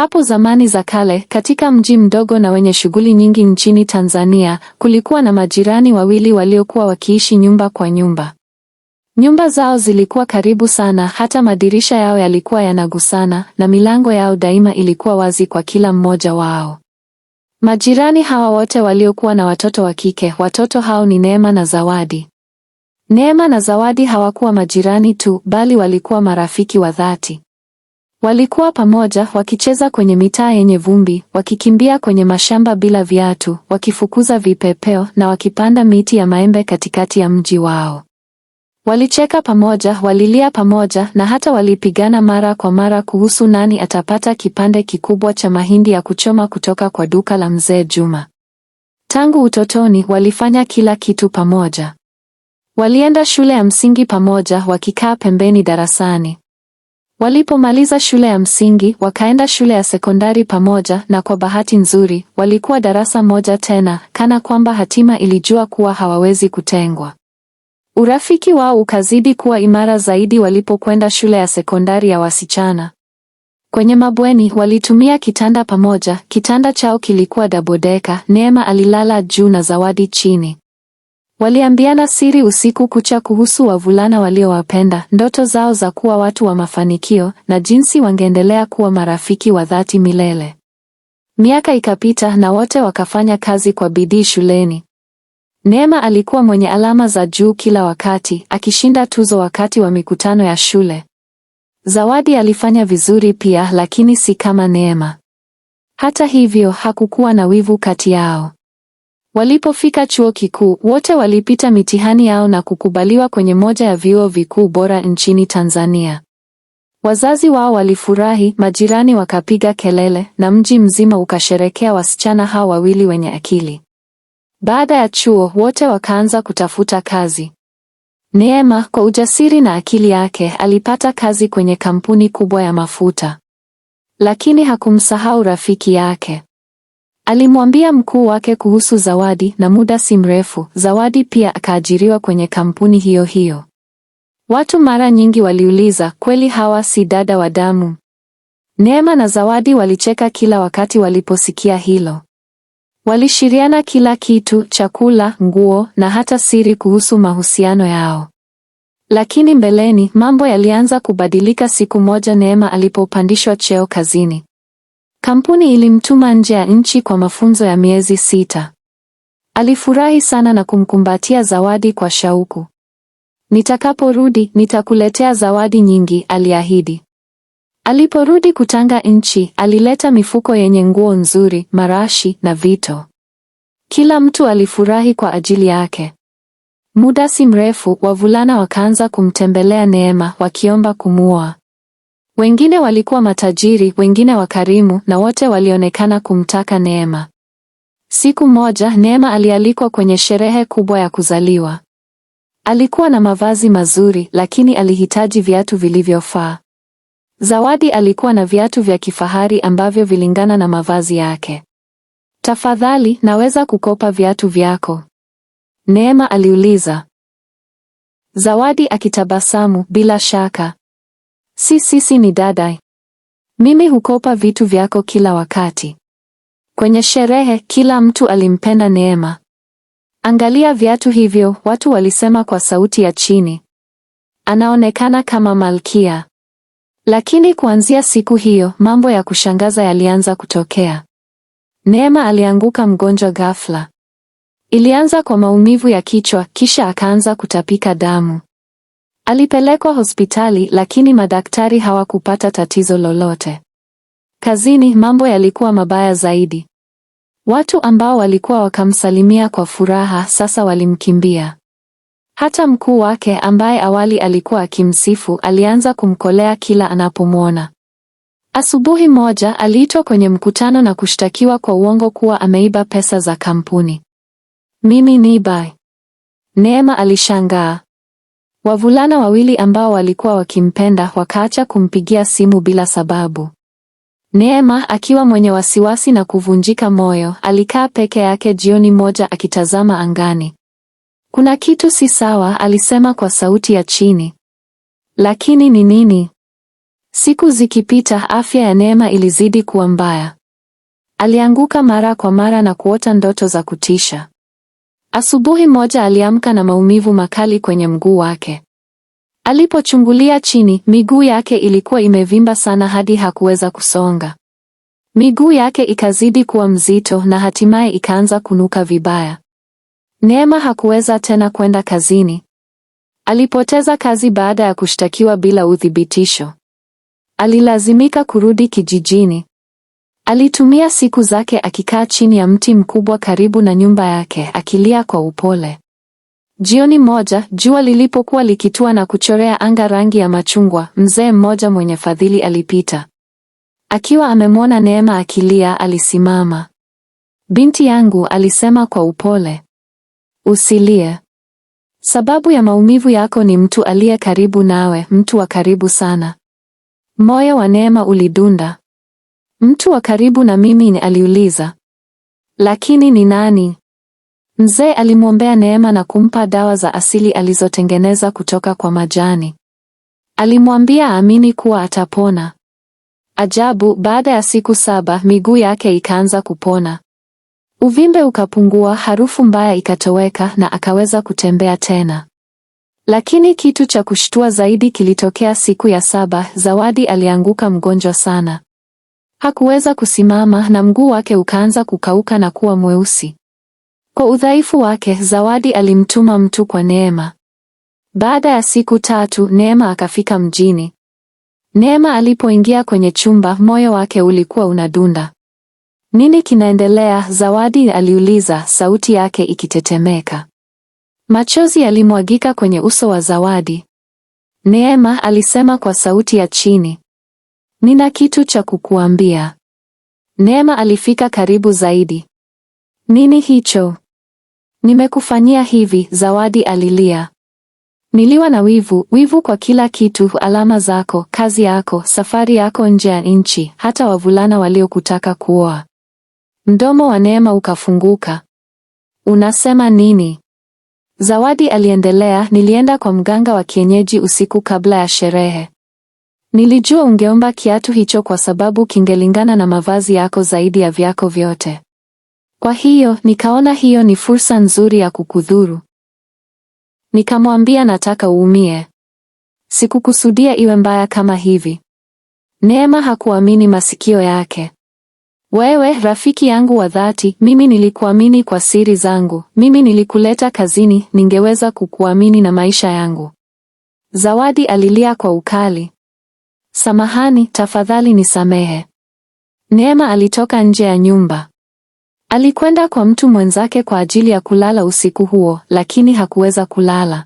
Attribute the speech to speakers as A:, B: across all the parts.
A: Hapo zamani za kale, katika mji mdogo na wenye shughuli nyingi nchini Tanzania, kulikuwa na majirani wawili waliokuwa wakiishi nyumba kwa nyumba. Nyumba zao zilikuwa karibu sana, hata madirisha yao yalikuwa yanagusana na milango yao daima ilikuwa wazi kwa kila mmoja wao. Majirani hawa wote waliokuwa na watoto wa kike, watoto hao ni Neema na Zawadi. Neema na Zawadi hawakuwa majirani tu, bali walikuwa marafiki wa dhati. Walikuwa pamoja wakicheza kwenye mitaa yenye vumbi, wakikimbia kwenye mashamba bila viatu, wakifukuza vipepeo na wakipanda miti ya maembe katikati ya mji wao. Walicheka pamoja, walilia pamoja na hata walipigana mara kwa mara kuhusu nani atapata kipande kikubwa cha mahindi ya kuchoma kutoka kwa duka la Mzee Juma. Tangu utotoni walifanya kila kitu pamoja. Walienda shule ya msingi pamoja wakikaa pembeni darasani. Walipomaliza shule ya msingi, wakaenda shule ya sekondari pamoja na kwa bahati nzuri, walikuwa darasa moja tena, kana kwamba hatima ilijua kuwa hawawezi kutengwa. Urafiki wao ukazidi kuwa imara zaidi walipokwenda shule ya sekondari ya wasichana. Kwenye mabweni walitumia kitanda pamoja, kitanda chao kilikuwa dabodeka, Neema alilala juu na Zawadi chini. Waliambiana siri usiku kucha kuhusu wavulana waliowapenda, ndoto zao za kuwa watu wa mafanikio na jinsi wangeendelea kuwa marafiki wa dhati milele. Miaka ikapita na wote wakafanya kazi kwa bidii shuleni. Neema alikuwa mwenye alama za juu kila wakati, akishinda tuzo wakati wa mikutano ya shule. Zawadi alifanya vizuri pia, lakini si kama Neema. Hata hivyo, hakukuwa na wivu kati yao. Walipofika chuo kikuu, wote walipita mitihani yao na kukubaliwa kwenye moja ya vyuo vikuu bora nchini Tanzania. Wazazi wao walifurahi, majirani wakapiga kelele na mji mzima ukasherekea wasichana hao wawili wenye akili. Baada ya chuo, wote wakaanza kutafuta kazi. Neema kwa ujasiri na akili yake alipata kazi kwenye kampuni kubwa ya mafuta. Lakini hakumsahau rafiki yake. Alimwambia mkuu wake kuhusu Zawadi na muda si mrefu, Zawadi pia akaajiriwa kwenye kampuni hiyo hiyo. Watu mara nyingi waliuliza, kweli hawa si dada wa damu? Neema na Zawadi walicheka kila wakati waliposikia hilo. Walishiriana kila kitu, chakula, nguo na hata siri kuhusu mahusiano yao. Lakini mbeleni mambo yalianza kubadilika siku moja Neema alipopandishwa cheo kazini. Kampuni ilimtuma nje ya nchi kwa mafunzo ya miezi sita. Alifurahi sana na kumkumbatia Zawadi kwa shauku. Nitakaporudi, nitakuletea zawadi nyingi, aliahidi. Aliporudi kutanga nchi, alileta mifuko yenye nguo nzuri, marashi na vito. Kila mtu alifurahi kwa ajili yake. Muda si mrefu, wavulana wakaanza kumtembelea Neema wakiomba kumuoa. Wengine walikuwa matajiri, wengine wakarimu, na wote walionekana kumtaka Neema. Siku moja Neema alialikwa kwenye sherehe kubwa ya kuzaliwa. Alikuwa na mavazi mazuri, lakini alihitaji viatu vilivyofaa. Zawadi alikuwa na viatu vya kifahari ambavyo vilingana na mavazi yake. Tafadhali, naweza kukopa viatu vyako? Neema aliuliza. Zawadi akitabasamu, bila shaka. Si sisi ni dada. Mimi hukopa vitu vyako kila wakati. Kwenye sherehe kila mtu alimpenda Neema. Angalia viatu hivyo, watu walisema kwa sauti ya chini. Anaonekana kama malkia. Lakini kuanzia siku hiyo mambo ya kushangaza yalianza kutokea. Neema alianguka mgonjwa ghafla. Ilianza kwa maumivu ya kichwa kisha akaanza kutapika damu. Alipelekwa hospitali lakini madaktari hawakupata tatizo lolote. Kazini mambo yalikuwa mabaya zaidi. Watu ambao walikuwa wakamsalimia kwa furaha sasa walimkimbia. Hata mkuu wake ambaye awali alikuwa akimsifu alianza kumkolea kila anapomwona. Asubuhi moja aliitwa kwenye mkutano na kushtakiwa kwa uongo kuwa ameiba pesa za kampuni. Mimi ni bai. Neema alishangaa. Wavulana wawili ambao walikuwa wakimpenda wakaacha kumpigia simu bila sababu. Neema akiwa mwenye wasiwasi na kuvunjika moyo, alikaa peke yake jioni moja akitazama angani. Kuna kitu si sawa, alisema kwa sauti ya chini. Lakini ni nini? Siku zikipita, afya ya Neema ilizidi kuwa mbaya. Alianguka mara kwa mara na kuota ndoto za kutisha. Asubuhi moja aliamka na maumivu makali kwenye mguu wake. Alipochungulia chini, miguu yake ilikuwa imevimba sana hadi hakuweza kusonga. Miguu yake ikazidi kuwa mzito na hatimaye ikaanza kunuka vibaya. Neema hakuweza tena kwenda kazini. Alipoteza kazi baada ya kushtakiwa bila uthibitisho. Alilazimika kurudi kijijini. Alitumia siku zake akikaa chini ya mti mkubwa karibu na nyumba yake, akilia kwa upole. Jioni moja, jua lilipokuwa likitua na kuchorea anga rangi ya machungwa, mzee mmoja mwenye fadhili alipita. Akiwa amemwona Neema akilia, alisimama. Binti yangu, alisema kwa upole. Usilie. Sababu ya maumivu yako ni mtu aliye karibu nawe, mtu wa karibu sana. Moyo wa Neema ulidunda. Mtu wa karibu na mimi ni aliuliza. Lakini ni nani? Mzee alimwombea neema na kumpa dawa za asili alizotengeneza kutoka kwa majani. Alimwambia aamini kuwa atapona. Ajabu, baada ya siku saba miguu yake ikaanza kupona. Uvimbe ukapungua, harufu mbaya ikatoweka na akaweza kutembea tena. Lakini kitu cha kushtua zaidi kilitokea siku ya saba, Zawadi alianguka mgonjwa sana. Hakuweza kusimama na mguu wake ukaanza kukauka na kuwa mweusi. Kwa udhaifu wake, Zawadi alimtuma mtu kwa Neema. Baada ya siku tatu, Neema akafika mjini. Neema alipoingia kwenye chumba, moyo wake ulikuwa unadunda. Nini kinaendelea? Zawadi aliuliza, sauti yake ikitetemeka. Machozi yalimwagika kwenye uso wa Zawadi. Neema alisema kwa sauti ya chini, Nina kitu cha kukuambia. Neema alifika karibu zaidi. Nini hicho? Nimekufanyia hivi, Zawadi alilia. Niliwa na wivu, wivu kwa kila kitu, alama zako, kazi yako, safari yako nje ya nchi, hata wavulana waliokutaka kuoa. Mdomo wa Neema ukafunguka. Unasema nini? Zawadi aliendelea, nilienda kwa mganga wa kienyeji usiku kabla ya sherehe. Nilijua ungeomba kiatu hicho kwa sababu kingelingana na mavazi yako zaidi ya vyako vyote. Kwa hiyo nikaona hiyo ni fursa nzuri ya kukudhuru. Nikamwambia nataka uumie. Sikukusudia iwe mbaya kama hivi. Neema hakuamini masikio yake. Wewe rafiki yangu wa dhati, mimi nilikuamini kwa siri zangu. Mimi nilikuleta kazini, ningeweza kukuamini na maisha yangu. Zawadi alilia kwa ukali. Samahani, tafadhali nisamehe. Neema alitoka nje ya nyumba. Alikwenda kwa mtu mwenzake kwa ajili ya kulala usiku huo, lakini hakuweza kulala.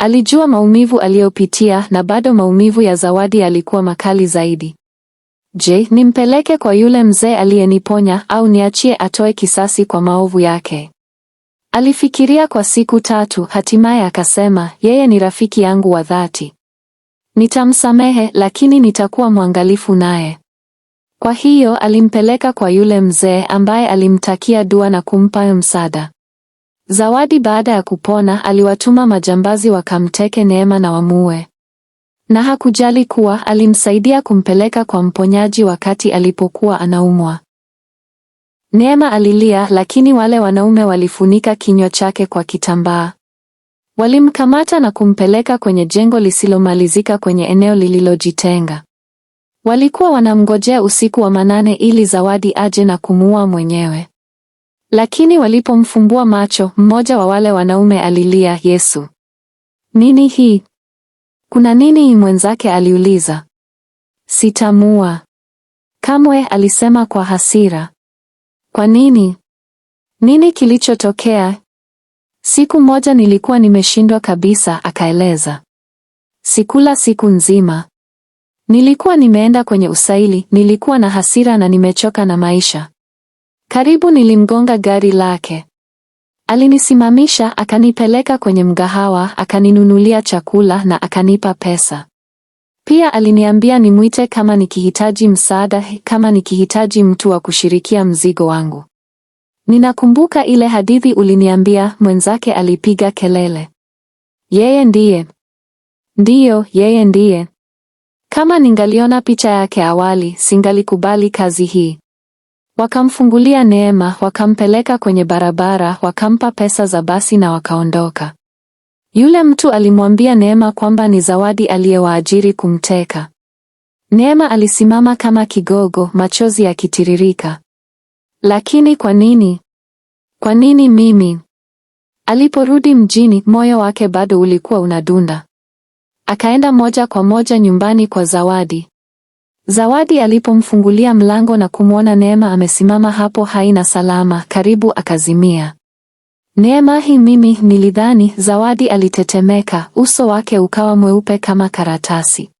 A: Alijua maumivu aliyopitia na bado maumivu ya Zawadi yalikuwa makali zaidi. Je, nimpeleke kwa yule mzee aliyeniponya au niachie atoe kisasi kwa maovu yake? Alifikiria kwa siku tatu, hatimaye akasema, yeye ni rafiki yangu wa dhati. Nitamsamehe lakini nitakuwa mwangalifu naye. Kwa hiyo alimpeleka kwa yule mzee ambaye alimtakia dua na kumpa msaada. Zawadi baada ya kupona aliwatuma majambazi wakamteke Neema na wamue Na hakujali kuwa alimsaidia kumpeleka kwa mponyaji wakati alipokuwa anaumwa. Neema alilia lakini wale wanaume walifunika kinywa chake kwa kitambaa. Walimkamata na kumpeleka kwenye jengo lisilomalizika kwenye eneo lililojitenga. Walikuwa wanamngojea usiku wa manane ili Zawadi aje na kumuua mwenyewe. Lakini walipomfumbua macho, mmoja wa wale wanaume alilia, Yesu. Nini hii? Kuna nini? Mwenzake aliuliza. Sitamua. Kamwe, alisema kwa hasira. Kwa nini? Nini kilichotokea? Siku moja nilikuwa nimeshindwa kabisa, akaeleza. Sikula siku nzima. Nilikuwa nimeenda kwenye usaili, nilikuwa na hasira na nimechoka na maisha. Karibu nilimgonga gari lake. Alinisimamisha, akanipeleka kwenye mgahawa, akaninunulia chakula na akanipa pesa. Pia aliniambia nimwite kama nikihitaji msaada, kama nikihitaji mtu wa kushirikia mzigo wangu. Ninakumbuka ile hadithi uliniambia, mwenzake alipiga kelele. Yeye ndiye. Ndiyo, yeye ndiye. Kama ningaliona picha yake awali, singalikubali kazi hii. Wakamfungulia Neema, wakampeleka kwenye barabara, wakampa pesa za basi na wakaondoka. Yule mtu alimwambia Neema kwamba ni Zawadi aliyewaajiri kumteka. Neema alisimama kama kigogo, machozi yakitiririka. Lakini kwa nini? Kwa nini mimi? Aliporudi mjini, moyo wake bado ulikuwa unadunda. Akaenda moja kwa moja nyumbani kwa Zawadi. Zawadi alipomfungulia mlango na kumwona Neema amesimama hapo hai na salama, karibu akazimia. Neema hii mimi nilidhani, Zawadi alitetemeka, uso wake ukawa mweupe kama karatasi.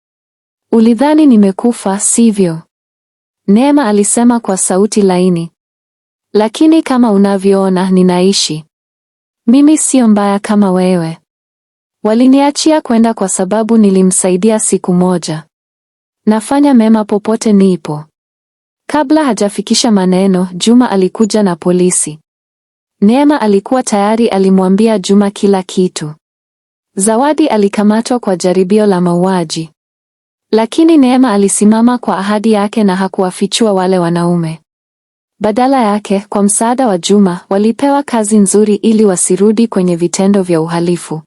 A: Ulidhani nimekufa, sivyo? Neema alisema kwa sauti laini. Lakini kama unavyoona, ninaishi. Mimi sio mbaya kama wewe. Waliniachia kwenda kwa sababu nilimsaidia siku moja. Nafanya mema popote nipo. Kabla hajafikisha maneno, Juma alikuja na polisi. Neema alikuwa tayari alimwambia Juma kila kitu. Zawadi alikamatwa kwa jaribio la mauaji. Lakini Neema alisimama kwa ahadi yake na hakuwafichua wale wanaume. Badala yake, kwa msaada wa Juma, walipewa kazi nzuri ili wasirudi kwenye vitendo vya uhalifu.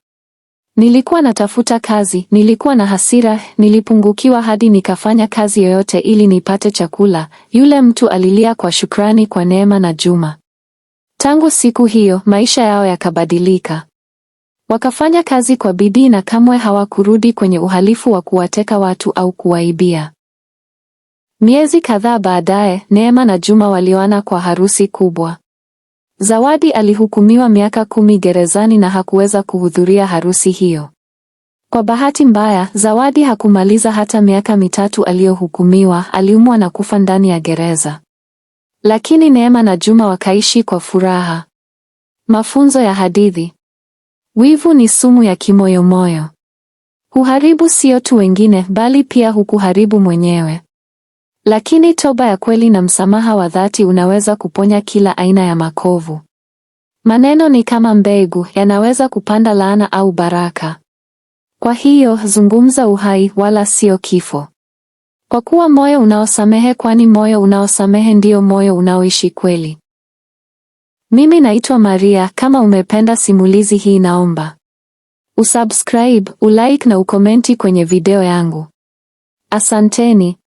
A: Nilikuwa natafuta kazi, nilikuwa na hasira, nilipungukiwa hadi nikafanya kazi yoyote ili nipate chakula, yule mtu alilia kwa shukrani kwa Neema na Juma. Tangu siku hiyo, maisha yao yakabadilika. Wakafanya kazi kwa bidii na kamwe hawakurudi kwenye uhalifu wa kuwateka watu au kuwaibia. Miezi kadhaa baadaye, Neema na Juma walioana kwa harusi kubwa. Zawadi alihukumiwa miaka kumi gerezani na hakuweza kuhudhuria harusi hiyo. Kwa bahati mbaya, Zawadi hakumaliza hata miaka mitatu aliyohukumiwa, aliumwa na kufa ndani ya gereza. Lakini Neema na Juma wakaishi kwa furaha. Mafunzo ya hadithi. Wivu ni sumu ya kimoyomoyo. Huharibu sio tu wengine bali pia hukuharibu mwenyewe. Lakini toba ya kweli na msamaha wa dhati unaweza kuponya kila aina ya makovu. Maneno ni kama mbegu, yanaweza kupanda laana au baraka. Kwa hiyo zungumza uhai, wala sio kifo, kwa kuwa moyo unaosamehe, kwani moyo unaosamehe ndio moyo unaoishi kweli. Mimi naitwa Maria. Kama umependa simulizi hii, naomba usubscribe, ulike na ukomenti kwenye video yangu. Asanteni.